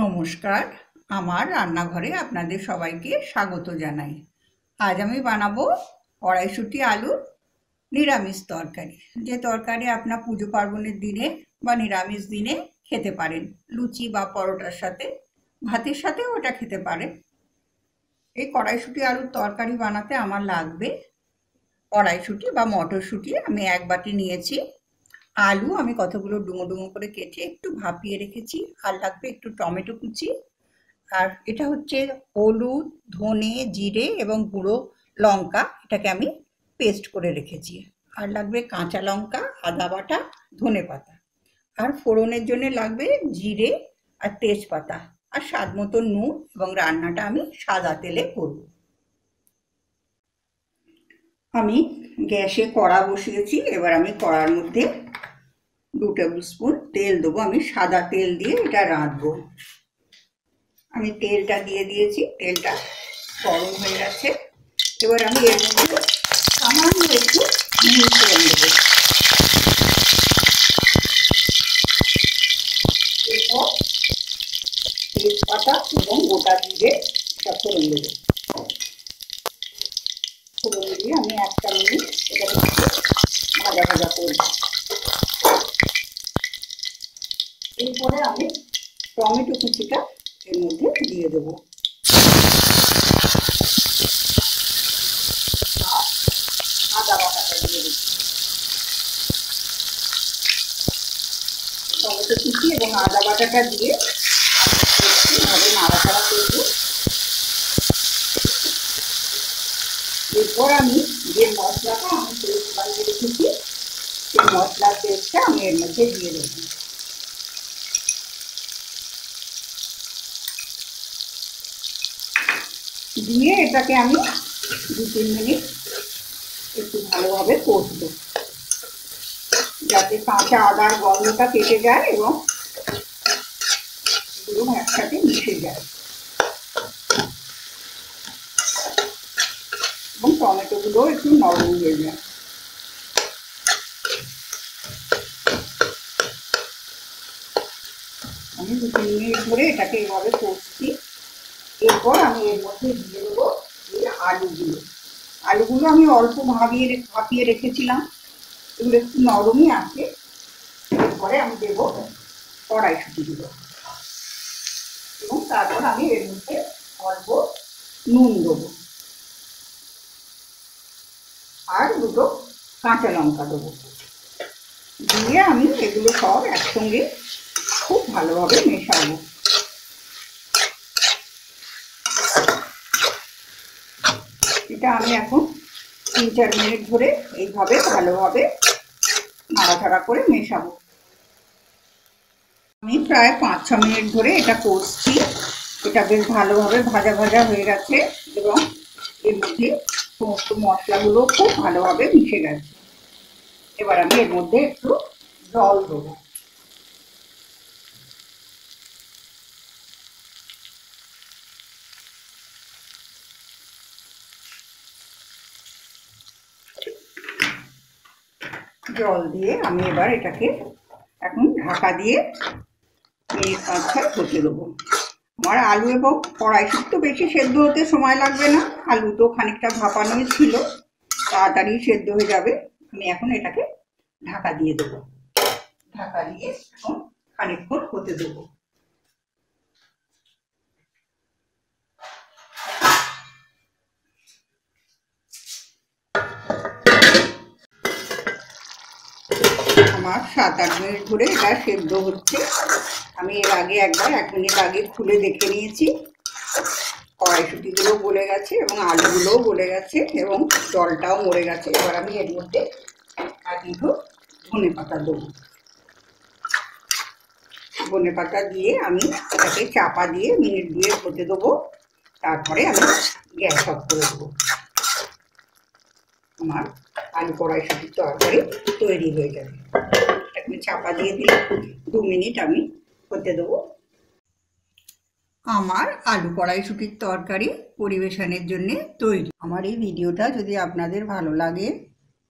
নমস্কার আমার রান্নাঘরে আপনাদের সবাইকে স্বাগত জানাই আজ আমি বানাবো কড়াইশুটি আলুর নিরামিষ তরকারি যে তরকারি আপনার পুজো পার্বণের দিনে বা নিরামিষ দিনে খেতে পারেন লুচি বা পরোটার সাথে ভাতের সাথে ওটা খেতে পারেন এই কড়াইশুটি আলুর তরকারি বানাতে আমার লাগবে কড়াইশুটি বা মটরশুঁটি আমি এক বাটি নিয়েছি আলু আমি কতগুলো ডুমো ডুমো করে কেটে একটু ভাপিয়ে রেখেছি আর লাগবে একটু টমেটো কুচি আর এটা হচ্ছে হলুদ ধনে জিরে এবং গুঁড়ো লঙ্কা এটাকে আমি পেস্ট করে রেখেছি আর লাগবে কাঁচা লঙ্কা আদা বাটা ধনে পাতা আর ফোড়নের জন্য লাগবে জিরে আর তেজপাতা আর স্বাদ মতো নুন এবং রান্নাটা আমি সাদা তেলে করব আমি গ্যাসে কড়া বসিয়েছি এবার আমি কড়ার মধ্যে দু টেবিল স্পুন তেল দেবো আমি সাদা তেল দিয়ে এটা রাঁধবো আমি তেলটা দিয়ে দিয়েছি তেলটা গরম হয়ে গেছে এবার আমি এর মধ্যে সামান্য একটু নুন করে নেব তেজপাতা এবং গোটা দিয়ে এটা ফোড়ন দিয়ে আমি একটা মিনিট এটা এরপরে আমি টমেটো কুচিটা এর মধ্যে দিয়ে দেব আদা বাটাটা দিয়ে দিচ্ছি টমেটো কুচি এবং আদা বাটাটা দিয়ে আমি নাড়াচাড়া করব এরপর আমি যে মশলাটা আমি পেস্ট বানিয়ে রেখেছি সেই মশলার পেস্টটা আমি এর মধ্যে দিয়ে দেবো দিয়ে এটাকে আমি দু তিন মিনিট একটু ভালোভাবে করব যাতে কাঁচা আদার গন্ধটা কেটে যায় এবং এগুলো একসাথে মিশে যায় এবং টমেটোগুলোও একটু নরম হয়ে যায় আমি দু তিন মিনিট ধরে এটাকে এভাবে করছি এরপর আমি এর মধ্যে দিয়ে দেবো এই আলুগুলো আলুগুলো আমি অল্প ভাবিয়ে ভাপিয়ে রেখেছিলাম এগুলো একটু নরমই আছে এরপরে আমি দেব কড়াইশুটিগুলো এবং তারপর আমি এর মধ্যে অল্প নুন দেবো আর দুটো কাঁচা লঙ্কা দেবো দিয়ে আমি এগুলো সব একসঙ্গে খুব ভালোভাবে মেশাবো এটা আমি এখন তিন চার মিনিট ধরে এইভাবে ভালোভাবে নাড়াচাড়া করে মেশাবো আমি প্রায় পাঁচ ছ মিনিট ধরে এটা করছি এটা বেশ ভালোভাবে ভাজা ভাজা হয়ে গেছে এবং এর মধ্যে সমস্ত মশলাগুলো খুব ভালোভাবে মিশে গেছে এবার আমি এর মধ্যে একটু জল দেবো জল দিয়ে আমি এবার এটাকে এখন ঢাকা দিয়ে মিনিট পাঁচ ছয় হতে দেবো আমার আলু এবং কড়াইশুটি তো বেশি সেদ্ধ হতে সময় লাগবে না আলু তো খানিকটা ভাপানোই ছিল তাড়াতাড়ি সেদ্ধ হয়ে যাবে আমি এখন এটাকে ঢাকা দিয়ে দেবো ঢাকা দিয়ে এখন খানিক্ষণ হতে দেবো আমার সাত আট মিনিট ধরে এটা সেদ্ধ হচ্ছে আমি এর আগে একবার এক মিনিট আগে খুলে দেখে নিয়েছি কড়াইশুটিগুলো গলে গেছে এবং আলুগুলোও গলে গেছে এবং জলটাও মরে গেছে এবার আমি এর মধ্যে এক মুঠো ধনে পাতা দেবো ধনে পাতা দিয়ে আমি এটাকে চাপা দিয়ে মিনিট দিয়ে হতে দেবো তারপরে আমি গ্যাস অফ করে দেবো আমার আলু কড়াইশুটির তরকারি তৈরি হয়ে যাবে একটু চাপা দিয়ে দিলে দু মিনিট আমি হতে দেবো আমার আলু কড়াইশুটির তরকারি পরিবেশনের জন্য তৈরি আমার এই ভিডিওটা যদি আপনাদের ভালো লাগে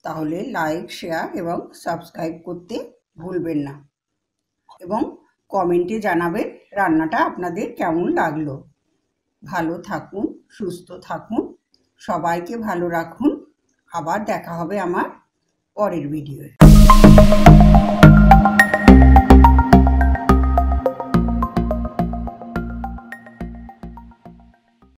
তাহলে লাইক শেয়ার এবং সাবস্ক্রাইব করতে ভুলবেন না এবং কমেন্টে জানাবেন রান্নাটা আপনাদের কেমন লাগলো ভালো থাকুন সুস্থ থাকুন সবাইকে ভালো রাখুন আবার দেখা হবে আমার পরের ভিডিও Bye.